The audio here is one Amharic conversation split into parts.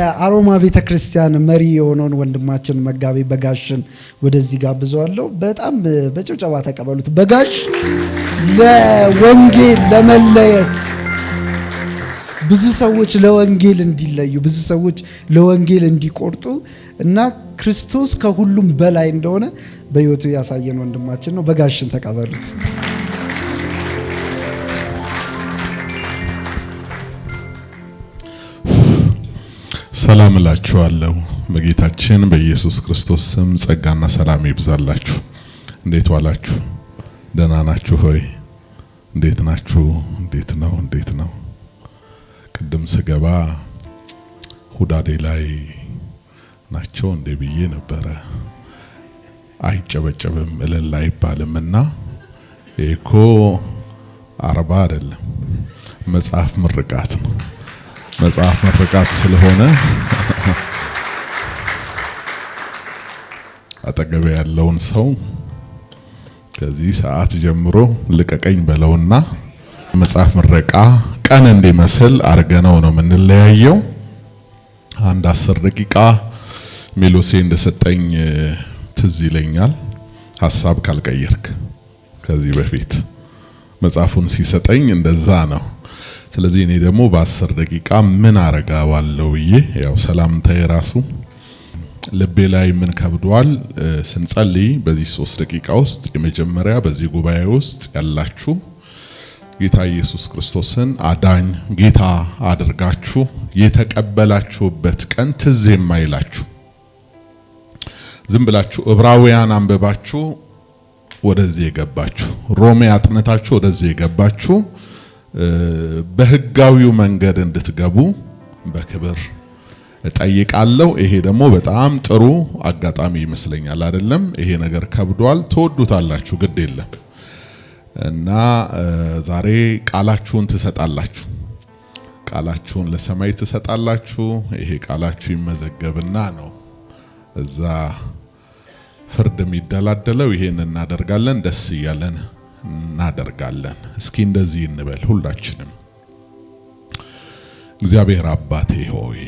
የአሮማ ቤተ ክርስቲያን መሪ የሆነውን ወንድማችን መጋቢ በጋሽን ወደዚህ ጋብዘዋለሁ። በጣም በጭብጨባ ተቀበሉት። በጋሽ ለወንጌል ለመለየት ብዙ ሰዎች ለወንጌል እንዲለዩ ብዙ ሰዎች ለወንጌል እንዲቆርጡ እና ክርስቶስ ከሁሉም በላይ እንደሆነ በሕይወቱ ያሳየን ወንድማችን ነው። በጋሽን ተቀበሉት። ሰላም እላችኋለሁ። በጌታችን በኢየሱስ ክርስቶስ ስም ጸጋና ሰላም ይብዛላችሁ። እንዴት ዋላችሁ? ደህና ናችሁ ሆይ? እንዴት ናችሁ? እንዴት ነው? እንዴት ነው? ቅድም ስገባ ሁዳዴ ላይ ናቸው እንዴ ብዬ ነበረ። አይጨበጨብም እልል አይባልም እና እኮ አርባ አይደለም መጽሐፍ ምርቃት ነው መጽሐፍ ምርቃት ስለሆነ አጠገቤ ያለውን ሰው ከዚህ ሰዓት ጀምሮ ልቀቀኝ በለውና መጽሐፍ ምረቃ ቀን እንዲመስል አድርገነው ነው የምንለያየው። አንድ አስር ደቂቃ ሜሎሴ እንደሰጠኝ ትዝ ይለኛል። ሀሳብ ካልቀየርክ ከዚህ በፊት መጽሐፉን ሲሰጠኝ እንደዛ ነው ስለዚህ እኔ ደግሞ በአስር ደቂቃ ምን አረጋዋለሁ ብዬ ያው ሰላምታዬ ራሱ ልቤ ላይ ምን ከብዷል። ስንጸልይ በዚህ ሶስት ደቂቃ ውስጥ የመጀመሪያ በዚህ ጉባኤ ውስጥ ያላችሁ ጌታ ኢየሱስ ክርስቶስን አዳኝ ጌታ አድርጋችሁ የተቀበላችሁበት ቀን ትዝ የማይላችሁ ዝም ብላችሁ ዕብራውያን አንብባችሁ ወደዚህ የገባችሁ ሮሜ አጥነታችሁ ወደዚህ የገባችሁ በህጋዊው መንገድ እንድትገቡ በክብር እጠይቃለሁ። ይሄ ደግሞ በጣም ጥሩ አጋጣሚ ይመስለኛል። አይደለም ይሄ ነገር ከብዷል፣ ትወዱታላችሁ፣ ግድ የለም እና ዛሬ ቃላችሁን ትሰጣላችሁ፣ ቃላችሁን ለሰማይ ትሰጣላችሁ። ይሄ ቃላችሁ ይመዘገብና ነው እዛ ፍርድ የሚደላደለው። ይሄን እናደርጋለን ደስ እያለን እናደርጋለን። እስኪ እንደዚህ እንበል ሁላችንም። እግዚአብሔር አባቴ ሆይ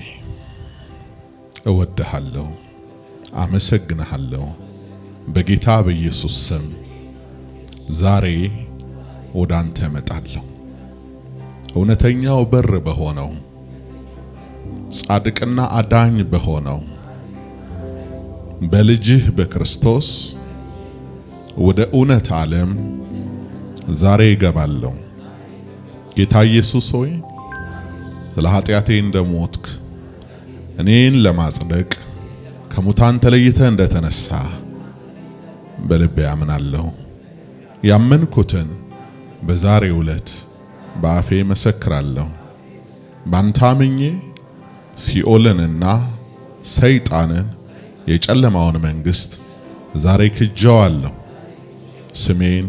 እወድሃለሁ፣ አመሰግንሃለሁ በጌታ በኢየሱስ ስም ዛሬ ወደ አንተ እመጣለሁ። እውነተኛው በር በሆነው ጻድቅና አዳኝ በሆነው በልጅህ በክርስቶስ ወደ እውነት ዓለም ዛሬ እገባለሁ። ጌታ ኢየሱስ ሆይ ስለ ኃጢአቴ እንደሞትክ እኔን ለማጽደቅ ከሙታን ተለይተ እንደተነሳ በልቤ ያምናለሁ። ያመንኩትን በዛሬ ዕለት በአፌ መሰክራለሁ። ባንታምኜ ሲኦልንና ሰይጣንን የጨለማውን መንግስት ዛሬ ክጀዋለሁ። ስሜን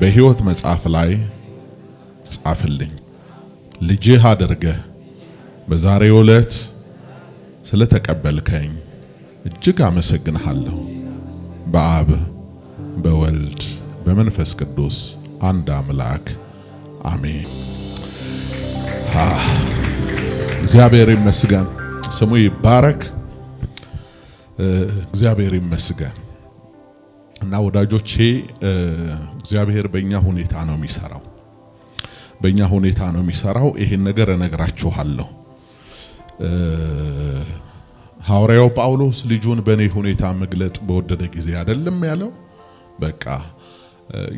በሕይወት መጽሐፍ ላይ ጻፍልኝ ልጅህ አድርገህ በዛሬው ዕለት ስለተቀበልከኝ እጅግ አመሰግንሃለሁ። በአብ በወልድ በመንፈስ ቅዱስ አንድ አምላክ አሜን። እግዚአብሔር ይመስገን፣ ስሙ ይባረክ። እግዚአብሔር ይመስገን። እና ወዳጆቼ እግዚአብሔር በእኛ ሁኔታ ነው የሚሰራው፣ በእኛ ሁኔታ ነው የሚሰራው። ይሄን ነገር እነግራችኋለሁ። ሐዋርያው ጳውሎስ ልጁን በእኔ ሁኔታ መግለጥ በወደደ ጊዜ አይደለም ያለው። በቃ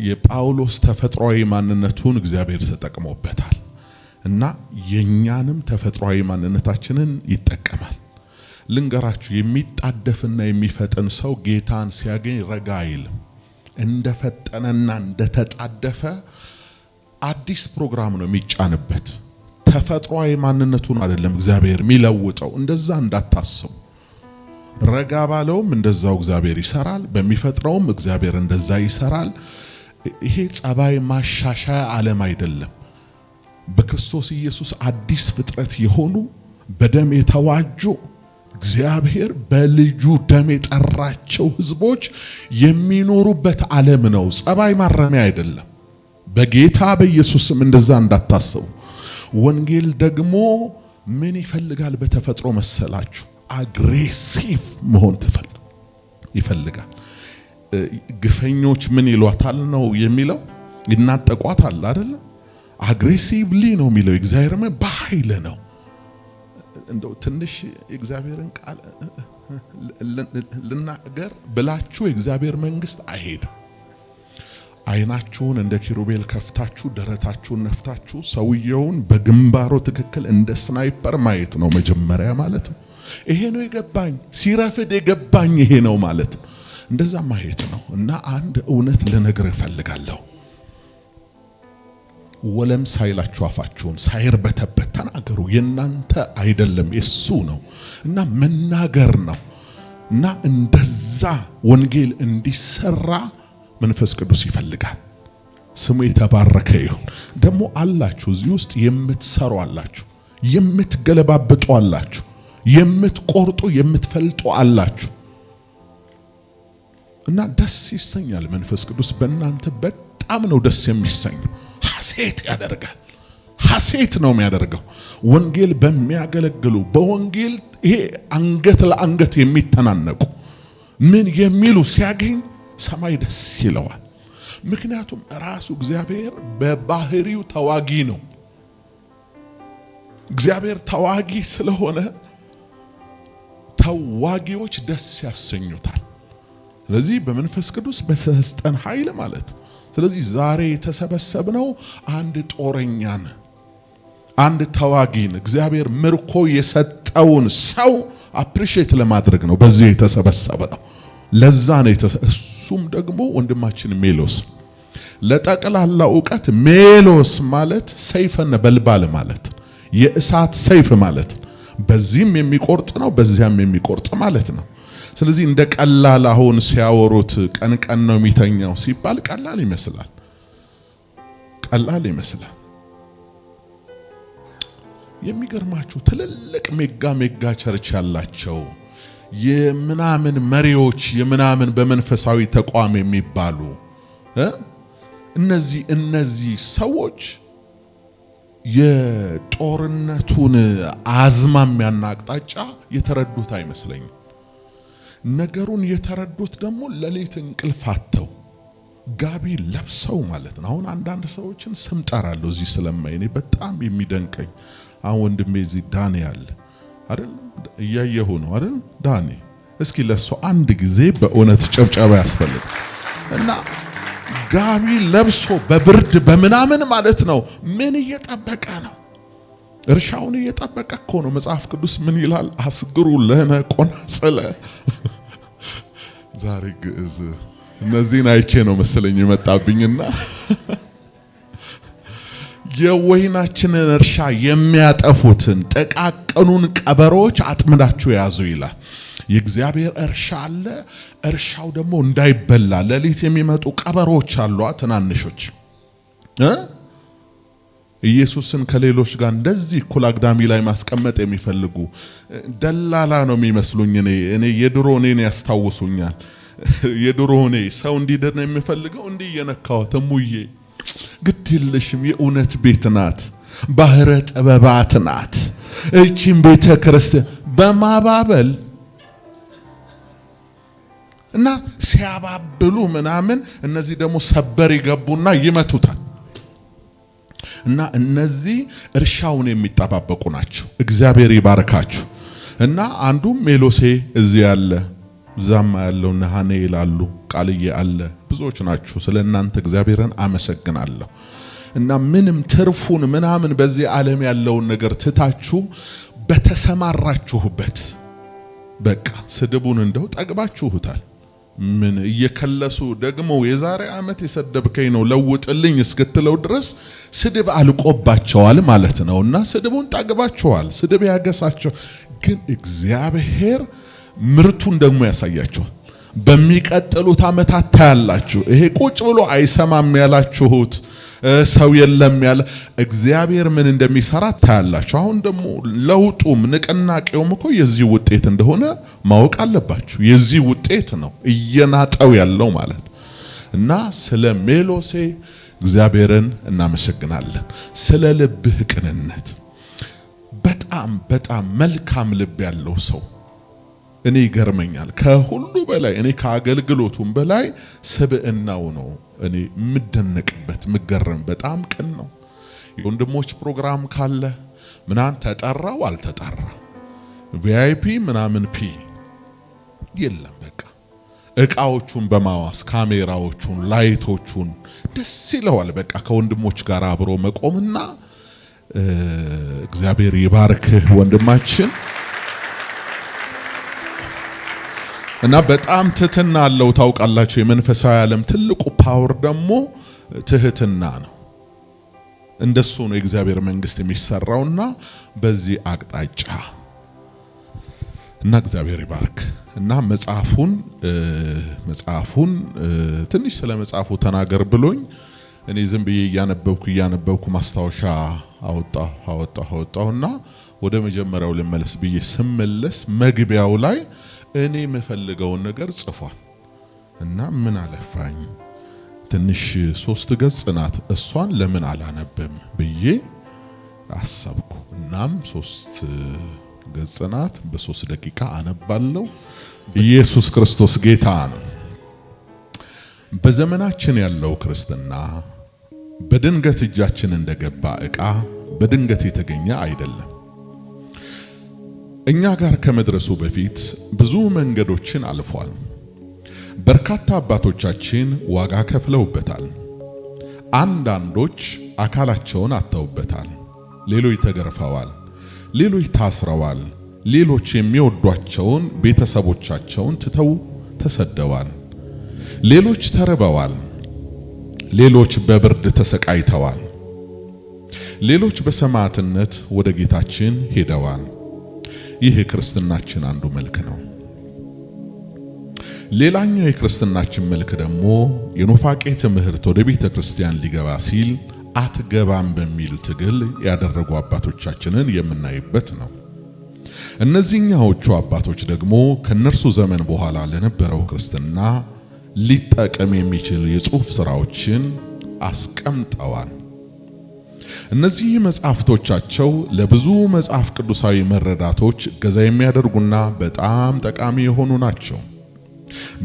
የጳውሎስ ተፈጥሯዊ ማንነቱን እግዚአብሔር ተጠቅሞበታል እና የእኛንም ተፈጥሯዊ ማንነታችንን ይጠቀማል። ልንገራችሁ፣ የሚጣደፍና የሚፈጥን ሰው ጌታን ሲያገኝ ረጋ አይልም። እንደፈጠነና እንደተጣደፈ አዲስ ፕሮግራም ነው የሚጫንበት። ተፈጥሯዊ ማንነቱን አይደለም እግዚአብሔር የሚለውጠው። እንደዛ እንዳታስቡ። ረጋ ባለውም እንደዛው እግዚአብሔር ይሰራል፣ በሚፈጥረውም እግዚአብሔር እንደዛ ይሰራል። ይሄ ጸባይ ማሻሻያ ዓለም አይደለም። በክርስቶስ ኢየሱስ አዲስ ፍጥረት የሆኑ በደም የተዋጁ እግዚአብሔር በልጁ ደም የጠራቸው ህዝቦች የሚኖሩበት ዓለም ነው። ጸባይ ማረሚያ አይደለም። በጌታ በኢየሱስም እንደዛ እንዳታስቡ። ወንጌል ደግሞ ምን ይፈልጋል? በተፈጥሮ መሰላችሁ አግሬሲቭ መሆን ይፈልጋል። ግፈኞች ምን ይሏታል ነው የሚለው ይናጠቋታል አይደለም። አግሬሲቭሊ ነው የሚለው እግዚአብሔር በኃይል ነው እንደው ትንሽ የእግዚአብሔርን ቃል ልናገር ብላችሁ የእግዚአብሔር መንግስት አይሄድም። አይናችሁን እንደ ኪሩቤል ከፍታችሁ ደረታችሁን ነፍታችሁ ሰውየውን በግንባሩ ትክክል እንደ ስናይፐር ማየት ነው መጀመሪያ ማለት ነው። ይሄ ነው የገባኝ፣ ሲረፍድ የገባኝ ይሄ ነው ማለት ነው። እንደዛ ማየት ነው። እና አንድ እውነት ልነግር እፈልጋለሁ። ወለም ሳይላችሁ አፋችሁን ሳይርበተበት ተናገሩ። የእናንተ አይደለም የሱ ነው እና መናገር ነው እና እንደዛ ወንጌል እንዲሰራ መንፈስ ቅዱስ ይፈልጋል። ስሙ የተባረከ ይሁን። ደግሞ አላችሁ እዚህ ውስጥ የምትሰሩ አላችሁ፣ የምትገለባብጡ አላችሁ፣ የምትቆርጡ የምትፈልጡ አላችሁ እና ደስ ይሰኛል። መንፈስ ቅዱስ በእናንተ በጣም ነው ደስ የሚሰኘው። ሐሴት ያደርጋል። ሐሴት ነው የሚያደርገው። ወንጌል በሚያገለግሉ በወንጌል ይሄ አንገት ለአንገት የሚተናነቁ ምን የሚሉ ሲያገኝ ሰማይ ደስ ይለዋል። ምክንያቱም ራሱ እግዚአብሔር በባህሪው ተዋጊ ነው። እግዚአብሔር ተዋጊ ስለሆነ ተዋጊዎች ደስ ያሰኙታል። ስለዚህ በመንፈስ ቅዱስ በተሰጠን ኃይል ማለት ነው። ስለዚህ ዛሬ የተሰበሰብነው አንድ ጦረኛን፣ አንድ ተዋጊን እግዚአብሔር ምርኮ የሰጠውን ሰው አፕሪሼት ለማድረግ ነው በዚህ የተሰበሰበ ነው። ለዛ ነው እሱም ደግሞ ወንድማችን ሜሎስ። ለጠቅላላ እውቀት ሜሎስ ማለት ሰይፈ ነበልባል ማለት የእሳት ሰይፍ ማለት በዚህም የሚቆርጥ ነው፣ በዚያም የሚቆርጥ ማለት ነው። ስለዚህ እንደ ቀላል አሁን ሲያወሩት ቀን ቀን ነው የሚተኛው ሲባል ቀላል ይመስላል፣ ቀላል ይመስላል። የሚገርማችሁ ትልልቅ ሜጋ ሜጋ ቸርች ያላቸው የምናምን መሪዎች የምናምን በመንፈሳዊ ተቋም የሚባሉ እነዚህ እነዚህ ሰዎች የጦርነቱን አዝማሚያና አቅጣጫ የተረዱት አይመስለኝም። ነገሩን የተረዱት ደግሞ ለሌት እንቅልፍ አተው ጋቢ ለብሰው ማለት ነው። አሁን አንዳንድ ሰዎችን ስም ጠራለሁ እዚህ ስለማይ እኔ በጣም የሚደንቀኝ አሁን ወንድሜ እዚህ ዳኔ አለ አይደል? እያየሁ ነው አይደል? ዳኔ እስኪ ለሱ አንድ ጊዜ በእውነት ጨብጨባ ያስፈልግ እና ጋቢ ለብሶ በብርድ በምናምን ማለት ነው ምን እየጠበቀ ነው? እርሻውን እየጠበቀ እኮ ነው። መጽሐፍ ቅዱስ ምን ይላል? አስግሩ ለነ ቆናጸለ ዛሬ ግዕዝ እነዚህን አይቼ ነው መሰለኝ የመጣብኝና የወይናችንን እርሻ የሚያጠፉትን ጥቃቅኑን ቀበሮች አጥምዳችሁ የያዙ ይላል። የእግዚአብሔር እርሻ አለ። እርሻው ደግሞ እንዳይበላ ሌሊት የሚመጡ ቀበሮች አሏ፣ ትናንሾች ኢየሱስን ከሌሎች ጋር እንደዚህ እኩል አግዳሚ ላይ ማስቀመጥ የሚፈልጉ ደላላ ነው የሚመስሉኝ። እኔ እኔ የድሮ እኔን ያስታውሱኛል። የድሮ እኔ ሰው እንዲድን የሚፈልገው እንዲህ እየነካሁት እሙዬ ግድ የለሽም የእውነት ቤት ናት፣ ባህረ ጥበባት ናት እቺን ቤተ ክርስቲያን በማባበል እና ሲያባብሉ ምናምን እነዚህ ደግሞ ሰበር ይገቡና ይመቱታል። እና እነዚህ እርሻውን የሚጠባበቁ ናቸው። እግዚአብሔር ይባርካችሁ። እና አንዱም ሜሎሴ እዚህ ያለ ዛማ ያለው ነሃኔ ይላሉ፣ ቃልዬ አለ፣ ብዙዎች ናችሁ። ስለ እናንተ እግዚአብሔርን አመሰግናለሁ። እና ምንም ትርፉን ምናምን በዚህ ዓለም ያለውን ነገር ትታችሁ በተሰማራችሁበት በቃ ስድቡን እንደው ጠግባችሁታል። ምን እየከለሱ ደግሞ የዛሬ ዓመት የሰደብከኝ ነው ለውጥልኝ እስክትለው ድረስ ስድብ አልቆባቸዋል ማለት ነው። እና ስድቡን ጠግባቸዋል። ስድብ ያገሳቸው ግን እግዚአብሔር ምርቱን ደግሞ ያሳያቸዋል። በሚቀጥሉት ዓመታት ታያላችሁ። ይሄ ቁጭ ብሎ አይሰማም ያላችሁት ሰው የለም ያለ እግዚአብሔር ምን እንደሚሰራ ታያላችሁ። አሁን ደግሞ ለውጡም ንቅናቄውም እኮ የዚህ ውጤት እንደሆነ ማወቅ አለባችሁ። የዚህ ውጤት ነው እየናጠው ያለው ማለት እና ስለ ሜሎሴ እግዚአብሔርን እናመሰግናለን። ስለ ልብህ ቅንነት በጣም በጣም መልካም ልብ ያለው ሰው እኔ ይገርመኛል። ከሁሉ በላይ እኔ ከአገልግሎቱም በላይ ስብዕናው ነው እኔ የምደነቅበት ምገረም። በጣም ቅን ነው። የወንድሞች ፕሮግራም ካለ ምናን ተጠራው አልተጠራ ቪአይፒ ምናምን ፒ የለም በቃ እቃዎቹን በማዋስ ካሜራዎቹን፣ ላይቶቹን ደስ ይለዋል። በቃ ከወንድሞች ጋር አብሮ መቆምና እግዚአብሔር ይባርክህ ወንድማችን። እና በጣም ትህትና አለው። ታውቃላችሁ የመንፈሳዊ ዓለም ትልቁ ፓወር ደግሞ ትህትና ነው። እንደሱ ነው የእግዚአብሔር መንግስት የሚሰራውና በዚህ አቅጣጫ እና እግዚአብሔር ይባርክ እና መጽሐፉን መጽሐፉን ትንሽ ስለ መጽሐፉ ተናገር ብሎኝ እኔ ዝም ብዬ እያነበብኩ እያነበብኩ ማስታወሻ አወጣሁ አወጣሁ አወጣሁና ወደ መጀመሪያው ልመለስ ብዬ ስመለስ መግቢያው ላይ እኔ የምፈልገውን ነገር ጽፏል እና ምን አለፋኝ ትንሽ ሶስት ገጽ ናት እሷን ለምን አላነብም ብዬ አሰብኩ። እናም ሶስት ገጽ ናት በሶስት ደቂቃ አነባለሁ። ኢየሱስ ክርስቶስ ጌታ ነው። በዘመናችን ያለው ክርስትና በድንገት እጃችን እንደገባ ዕቃ በድንገት የተገኘ አይደለም። እኛ ጋር ከመድረሱ በፊት ብዙ መንገዶችን አልፏል። በርካታ አባቶቻችን ዋጋ ከፍለውበታል። አንዳንዶች አካላቸውን አጥተውበታል። ሌሎች ተገርፈዋል፣ ሌሎች ታስረዋል፣ ሌሎች የሚወዷቸውን ቤተሰቦቻቸውን ትተው ተሰደዋል፣ ሌሎች ተርበዋል፣ ሌሎች በብርድ ተሰቃይተዋል፣ ሌሎች በሰማዕትነት ወደ ጌታችን ሄደዋል። ይህ የክርስትናችን አንዱ መልክ ነው። ሌላኛው የክርስትናችን መልክ ደግሞ የኑፋቄ ትምህርት ወደ ቤተ ክርስቲያን ሊገባ ሲል አትገባም በሚል ትግል ያደረጉ አባቶቻችንን የምናይበት ነው። እነዚህኛዎቹ አባቶች ደግሞ ከነርሱ ዘመን በኋላ ለነበረው ክርስትና ሊጠቀም የሚችል የጽሑፍ ስራዎችን አስቀምጠዋል። እነዚህ መጽሐፍቶቻቸው ለብዙ መጽሐፍ ቅዱሳዊ መረዳቶች እገዛ የሚያደርጉና በጣም ጠቃሚ የሆኑ ናቸው።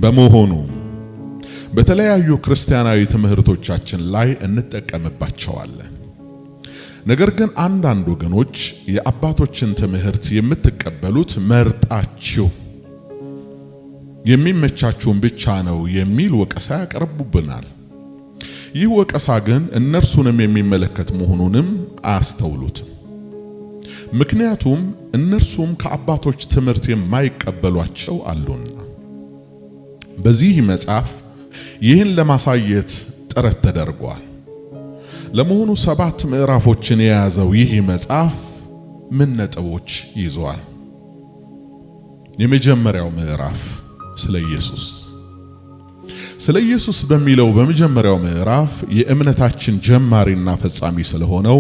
በመሆኑ በተለያዩ ክርስቲያናዊ ትምህርቶቻችን ላይ እንጠቀምባቸዋለን። ነገር ግን አንዳንድ ወገኖች የአባቶችን ትምህርት የምትቀበሉት መርጣችሁ የሚመቻችሁን ብቻ ነው የሚል ወቀሳ ያቀርቡብናል። ይህ ወቀሳ ግን እነርሱንም የሚመለከት መሆኑንም አያስተውሉትም። ምክንያቱም እነርሱም ከአባቶች ትምህርት የማይቀበሏቸው አሉና። በዚህ መጽሐፍ ይህን ለማሳየት ጥረት ተደርጓል። ለመሆኑ ሰባት ምዕራፎችን የያዘው ይህ መጽሐፍ ምን ነጥቦች ይዟል? የመጀመሪያው ምዕራፍ ስለ ኢየሱስ ስለ ኢየሱስ በሚለው በመጀመሪያው ምዕራፍ የእምነታችን ጀማሪና ፈጻሚ ስለሆነው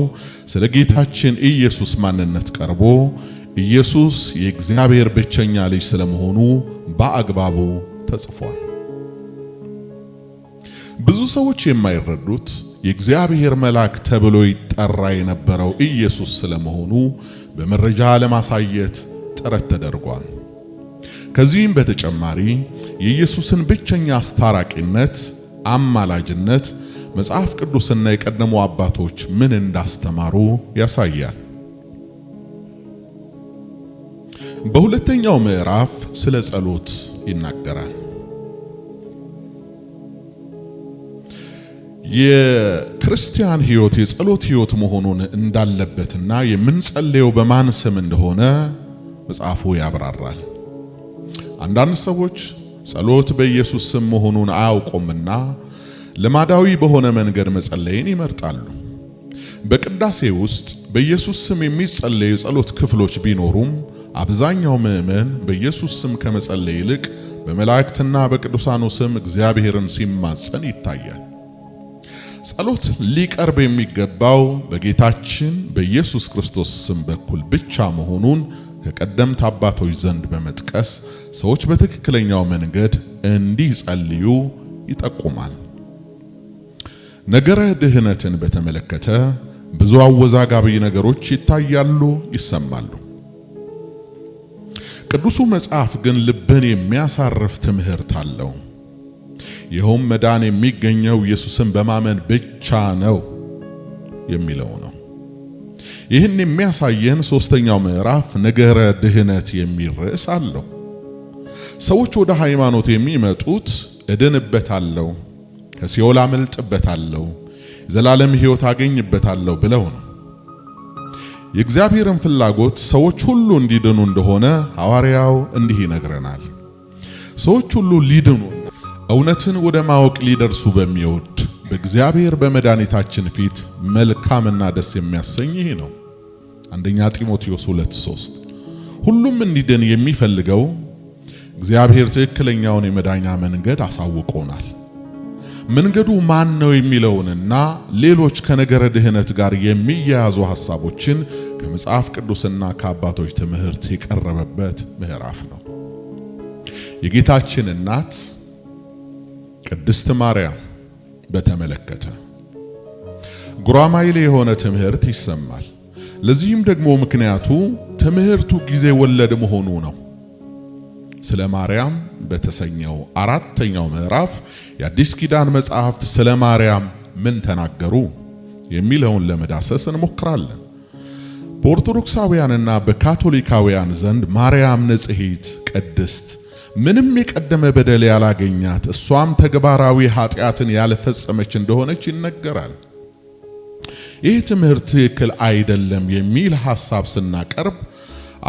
ስለ ጌታችን ኢየሱስ ማንነት ቀርቦ ኢየሱስ የእግዚአብሔር ብቸኛ ልጅ ስለመሆኑ በአግባቡ ተጽፏል። ብዙ ሰዎች የማይረዱት የእግዚአብሔር መልአክ ተብሎ ይጠራ የነበረው ኢየሱስ ስለመሆኑ በመረጃ ለማሳየት ጥረት ተደርጓል። ከዚህም በተጨማሪ የኢየሱስን ብቸኛ አስታራቂነት፣ አማላጅነት መጽሐፍ ቅዱስና የቀደሙ አባቶች ምን እንዳስተማሩ ያሳያል። በሁለተኛው ምዕራፍ ስለ ጸሎት ይናገራል። የክርስቲያን ሕይወት የጸሎት ሕይወት መሆኑን እንዳለበትና የምንጸልየው በማን ስም እንደሆነ መጽሐፉ ያብራራል። አንዳንድ ሰዎች ጸሎት በኢየሱስ ስም መሆኑን አያውቁምና ልማዳዊ በሆነ መንገድ መጸለይን ይመርጣሉ። በቅዳሴ ውስጥ በኢየሱስ ስም የሚጸለዩ የጸሎት ክፍሎች ቢኖሩም አብዛኛው ምዕመን በኢየሱስ ስም ከመጸለይ ይልቅ በመላእክትና በቅዱሳኑ ስም እግዚአብሔርን ሲማጸን ይታያል። ጸሎት ሊቀርብ የሚገባው በጌታችን በኢየሱስ ክርስቶስ ስም በኩል ብቻ መሆኑን ከቀደምት አባቶች ዘንድ በመጥቀስ ሰዎች በትክክለኛው መንገድ እንዲጸልዩ ይጠቁማል። ነገረ ድህነትን በተመለከተ ብዙ አወዛጋቢ ነገሮች ይታያሉ፣ ይሰማሉ። ቅዱሱ መጽሐፍ ግን ልብን የሚያሳርፍ ትምህርት አለው። ይኸውም መዳን የሚገኘው ኢየሱስን በማመን ብቻ ነው የሚለው ነው። ይህን የሚያሳየን ሶስተኛው ምዕራፍ ነገረ ድህነት የሚል ርዕስ አለው። ሰዎች ወደ ሃይማኖት የሚመጡት እድንበታለሁ፣ ከሲኦል አመልጥበታለሁ፣ ዘላለም ሕይወት አገኝበታለሁ ብለው ነው። የእግዚአብሔርን ፍላጎት ሰዎች ሁሉ እንዲድኑ እንደሆነ ሐዋርያው እንዲህ ይነግረናል። ሰዎች ሁሉ ሊድኑ እውነትን ወደ ማወቅ ሊደርሱ በሚወድ በእግዚአብሔር በመድኃኒታችን ፊት መልካምና ደስ የሚያሰኝ ይህ ነው። አንደኛ ጢሞቴዎስ 2:3 ሁሉም እንዲድን የሚፈልገው እግዚአብሔር ትክክለኛውን የመዳኛ መንገድ አሳውቆናል። መንገዱ ማን ነው የሚለውንና ሌሎች ከነገረ ድህነት ጋር የሚያያዙ ሐሳቦችን ከመጽሐፍ ቅዱስና ከአባቶች ትምህርት የቀረበበት ምዕራፍ ነው። የጌታችን እናት ቅድስት ማርያም በተመለከተ ጉራማይሌ የሆነ ትምህርት ይሰማል። ለዚህም ደግሞ ምክንያቱ ትምህርቱ ጊዜ ወለድ መሆኑ ነው። ስለ ማርያም በተሰኘው አራተኛው ምዕራፍ የአዲስ ኪዳን መጽሐፍት ስለ ማርያም ምን ተናገሩ የሚለውን ለመዳሰስ እንሞክራለን። በኦርቶዶክሳውያንና በካቶሊካውያን ዘንድ ማርያም ንጽሕት፣ ቅድስት፣ ምንም የቀደመ በደል ያላገኛት እሷም ተግባራዊ ኃጢአትን ያልፈጸመች እንደሆነች ይነገራል። ይህ ትምህርት ትክክል አይደለም የሚል ሐሳብ ስናቀርብ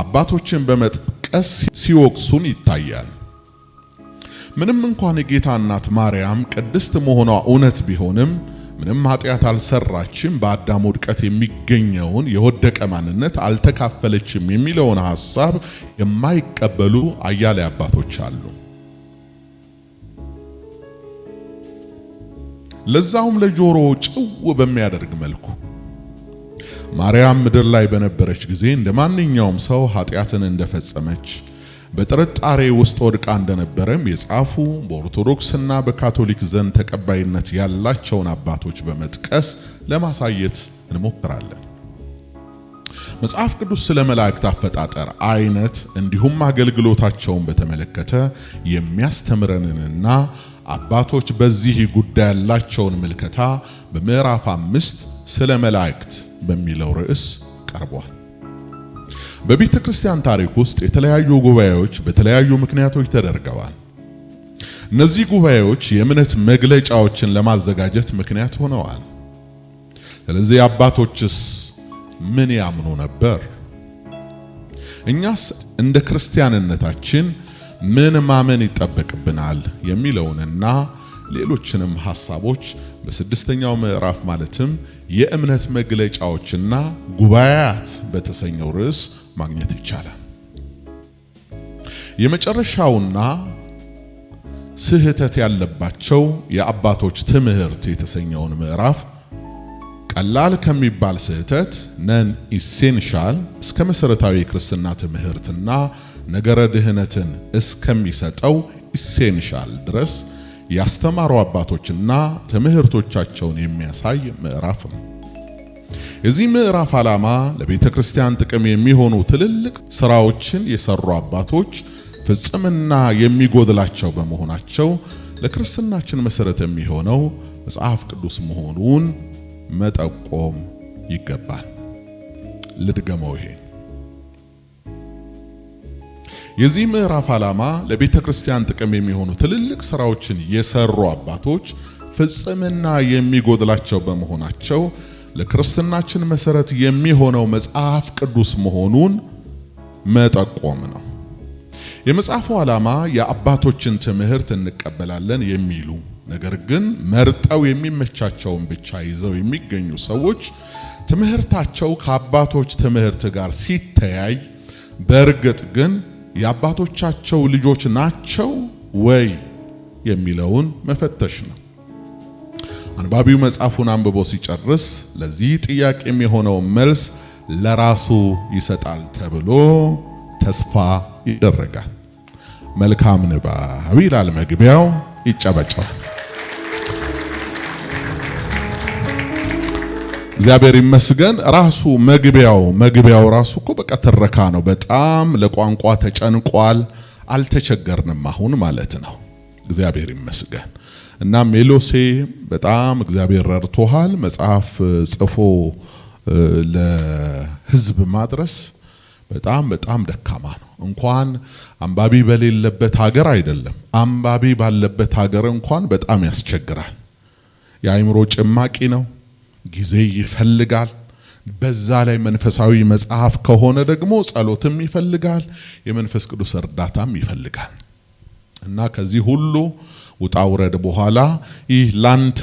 አባቶችን በመጥቀስ ሲወቅሱን ይታያል። ምንም እንኳን የጌታ እናት ማርያም ቅድስት መሆኗ እውነት ቢሆንም ምንም ኃጢአት አልሰራችም፣ በአዳም ውድቀት የሚገኘውን የወደቀ ማንነት አልተካፈለችም የሚለውን ሐሳብ የማይቀበሉ አያሌ አባቶች አሉ። ለዛውም ለጆሮ ጭው በሚያደርግ መልኩ። ማርያም ምድር ላይ በነበረች ጊዜ እንደ ማንኛውም ሰው ኃጢአትን እንደፈጸመች በጥርጣሬ ውስጥ ወድቃ እንደነበረም የጻፉ በኦርቶዶክስና በካቶሊክ ዘንድ ተቀባይነት ያላቸውን አባቶች በመጥቀስ ለማሳየት እንሞክራለን። መጽሐፍ ቅዱስ ስለ መላእክት አፈጣጠር አይነት እንዲሁም አገልግሎታቸውን በተመለከተ የሚያስተምረንንና አባቶች በዚህ ጉዳይ ያላቸውን ምልከታ በምዕራፍ አምስት ስለ መላእክት በሚለው ርዕስ ቀርቧል። በቤተ ክርስቲያን ታሪክ ውስጥ የተለያዩ ጉባኤዎች በተለያዩ ምክንያቶች ተደርገዋል። እነዚህ ጉባኤዎች የእምነት መግለጫዎችን ለማዘጋጀት ምክንያት ሆነዋል። ስለዚህ አባቶችስ ምን ያምኑ ነበር? እኛስ እንደ ክርስቲያንነታችን ምን ማመን ይጠበቅብናል የሚለውንና ሌሎችንም ሐሳቦች በስድስተኛው ምዕራፍ ማለትም የእምነት መግለጫዎችና ጉባኤያት በተሰኘው ርዕስ ማግኘት ይቻላል። የመጨረሻውና ስህተት ያለባቸው የአባቶች ትምህርት የተሰኘውን ምዕራፍ ቀላል ከሚባል ስህተት ነን ኢሴንሻል እስከ መሰረታዊ የክርስትና ትምህርትና ነገረ ድህነትን እስከሚሰጠው ኢሴንሻል ድረስ ያስተማሩ አባቶችና ትምህርቶቻቸውን የሚያሳይ ምዕራፍ ነው። የዚህ ምዕራፍ ዓላማ ለቤተ ክርስቲያን ጥቅም የሚሆኑ ትልልቅ ስራዎችን የሰሩ አባቶች ፍጽምና የሚጎድላቸው በመሆናቸው ለክርስትናችን መሰረት የሚሆነው መጽሐፍ ቅዱስ መሆኑን መጠቆም ይገባል። ልድገመው ይሄ የዚህ ምዕራፍ ዓላማ ለቤተ ክርስቲያን ጥቅም የሚሆኑ ትልልቅ ስራዎችን የሰሩ አባቶች ፍጽምና የሚጎድላቸው በመሆናቸው ለክርስትናችን መሰረት የሚሆነው መጽሐፍ ቅዱስ መሆኑን መጠቆም ነው። የመጽሐፉ ዓላማ የአባቶችን ትምህርት እንቀበላለን የሚሉ ነገር ግን መርጠው የሚመቻቸውን ብቻ ይዘው የሚገኙ ሰዎች ትምህርታቸው ከአባቶች ትምህርት ጋር ሲተያይ በእርግጥ ግን የአባቶቻቸው ልጆች ናቸው ወይ የሚለውን መፈተሽ ነው። አንባቢው መጽሐፉን አንብቦ ሲጨርስ ለዚህ ጥያቄ የሚሆነው መልስ ለራሱ ይሰጣል ተብሎ ተስፋ ይደረጋል። መልካም ንባብ ይላል መግቢያው። ይጨበጨባል። እግዚአብሔር ይመስገን። ራሱ መግቢያው መግቢያው ራሱ እኮ በቃ ትረካ ነው። በጣም ለቋንቋ ተጨንቋል። አልተቸገርንም አሁን ማለት ነው። እግዚአብሔር ይመስገን እና ሜሎሴ በጣም እግዚአብሔር ረድቶሃል። መጽሐፍ ጽፎ ለህዝብ ማድረስ በጣም በጣም ደካማ ነው። እንኳን አንባቢ በሌለበት ሀገር አይደለም አንባቢ ባለበት ሀገር እንኳን በጣም ያስቸግራል። የአእምሮ ጭማቂ ነው። ጊዜ ይፈልጋል። በዛ ላይ መንፈሳዊ መጽሐፍ ከሆነ ደግሞ ጸሎትም ይፈልጋል፣ የመንፈስ ቅዱስ እርዳታም ይፈልጋል እና ከዚህ ሁሉ ውጣ ውረድ በኋላ ይህ ላንተ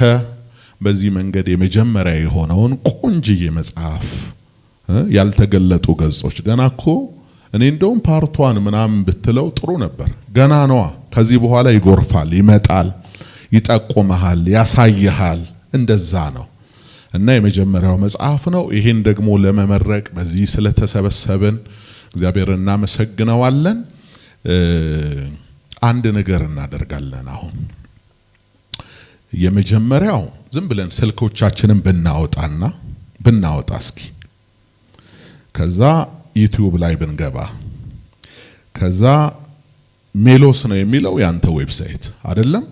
በዚህ መንገድ የመጀመሪያ የሆነውን ቆንጅዬ መጽሐፍ ያልተገለጡ ገጾች ገና እኮ እኔ እንደውም ፓርቷን ምናምን ብትለው ጥሩ ነበር። ገና ነዋ። ከዚህ በኋላ ይጎርፋል፣ ይመጣል፣ ይጠቁመሃል፣ ያሳይሃል። እንደዛ ነው። እና የመጀመሪያው መጽሐፍ ነው። ይህን ደግሞ ለመመረቅ በዚህ ስለተሰበሰብን እግዚአብሔር እናመሰግነዋለን። አንድ ነገር እናደርጋለን። አሁን የመጀመሪያው ዝም ብለን ስልኮቻችንን ብናወጣና ብናወጣ እስኪ ከዛ ዩቲዩብ ላይ ብንገባ ከዛ ሜሎስ ነው የሚለው ያንተ ዌብሳይት አይደለም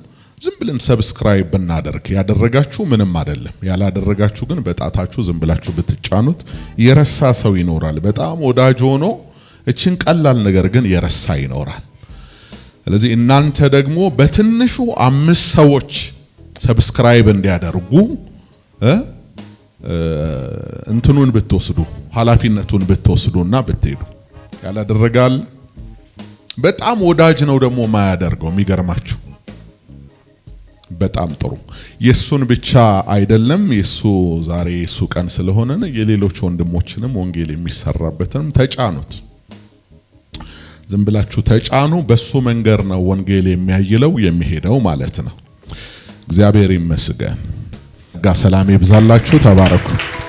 ዝም ብለን ሰብስክራይብ ብናደርግ ያደረጋችሁ ምንም አይደለም። ያላደረጋችሁ ግን በጣታችሁ ዝም ብላችሁ ብትጫኑት የረሳ ሰው ይኖራል። በጣም ወዳጅ ሆኖ እችን ቀላል ነገር ግን የረሳ ይኖራል። ስለዚህ እናንተ ደግሞ በትንሹ አምስት ሰዎች ሰብስክራይብ እንዲያደርጉ እንትኑን ብትወስዱ ኃላፊነቱን ብትወስዱና ብትሄዱ ያላደረጋል። በጣም ወዳጅ ነው ደግሞ ማያደርገው የሚገርማችሁ በጣም ጥሩ። የሱን ብቻ አይደለም የሱ ዛሬ የሱ ቀን ስለሆነ የሌሎች ወንድሞችንም ወንጌል የሚሰራበትንም ተጫኑት። ዝም ብላችሁ ተጫኑ። በሱ መንገድ ነው ወንጌል የሚያይለው የሚሄደው ማለት ነው። እግዚአብሔር ይመስገን። ጋ ሰላም ይብዛላችሁ። ተባረኩ።